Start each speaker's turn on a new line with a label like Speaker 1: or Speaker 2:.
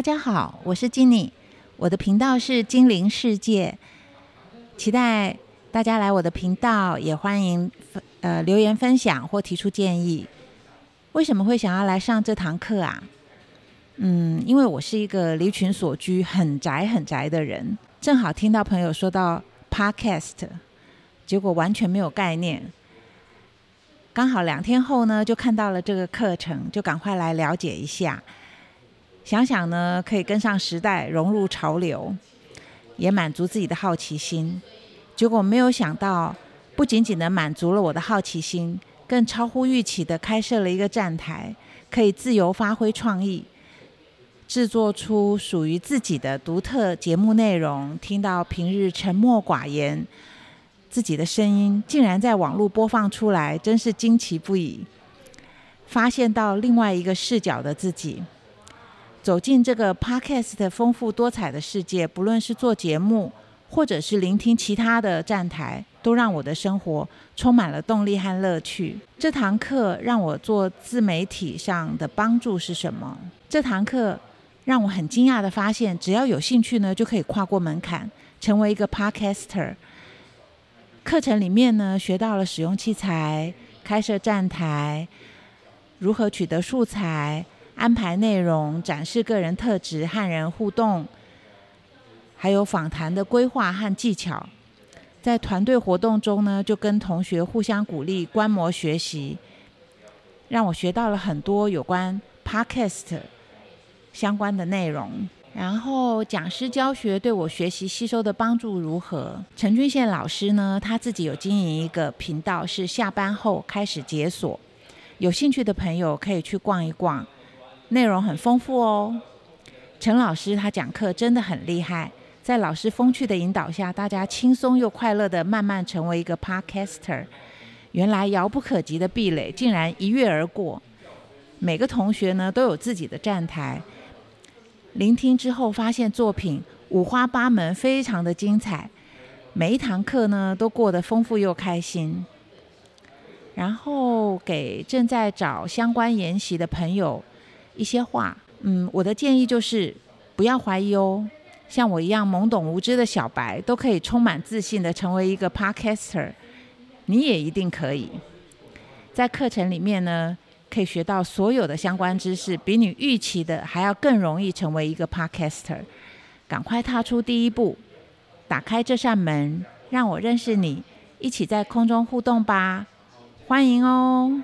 Speaker 1: 大家好，我是 JINNI，我的頻道是精靈世界，期待大家來我的頻道，也歡迎呃留言分享或提出建議。為什麼會想要來上這堂課啊？嗯，因為我是一個離群索居、很宅很宅的人，正好聽到朋友說到 Podcast，結果完全沒有概念。剛好兩天後呢，就看到了這個課程，就趕快來了解一下。想想呢，可以跟上時代，融入潮流，也滿足自己的好奇心。結果沒有想到，不僅僅的滿足了我的好奇心，更超乎預期的開設了一個站台，可以自由發揮創意，制作出屬於自己的獨特節目內容。聽到平日沉默寡言自己的聲音，竟然在網絡播放出來，真是驚奇不已，發現到另外一個視角的自己。走進這個 Podcast 豐富多彩的世界，不論是做節目，或者是聆聽其他的站台，都讓我的生活充滿了動力和樂趣。這堂課讓我做自媒體上的幫助是什麼？這堂課讓我很驚訝地發現，只要有興趣呢，就可以跨過門檻，成為一個 Podcaster。課程裡面呢，學到了使用器材、開設站台、如何取得素材。安排內容、展示個人特質、和人互動，還有訪談的規劃和技巧，在團隊活動中呢，就跟同學互相鼓勵、觀摩學習，讓我學到了很多有關 Podcast 相關的內容。然後，講師教學對我學習吸收的幫助如何？陳俊憲老師呢，他自己有經營一個頻道，是下班後開始解鎖，有興趣的朋友可以去逛一逛。內容很豐富哦，陳老師他講課真的很厲害，在老師風趣的引導下，大家輕鬆又快樂的慢慢成為一個 podcaster。原來遙不可及的壁壘竟然一躍而過，每個同學呢都有自己的站台，聆聽之後發現作品五花八門，非常的精彩。每一堂課呢都過得豐富又開心，然後給正在找相關研習的朋友。一些話，嗯，我的建議就是不要懷疑哦，像我一樣懵懂無知的小白都可以充滿自信地成為一個 Podcaster，你也一定可以。在課程裡面呢，可以學到所有的相關知識，比你預期的還要更容易成為一個 Podcaster。趕快踏出第一步，打開這扇門，讓我認識你，一起在空中互動吧，歡迎哦。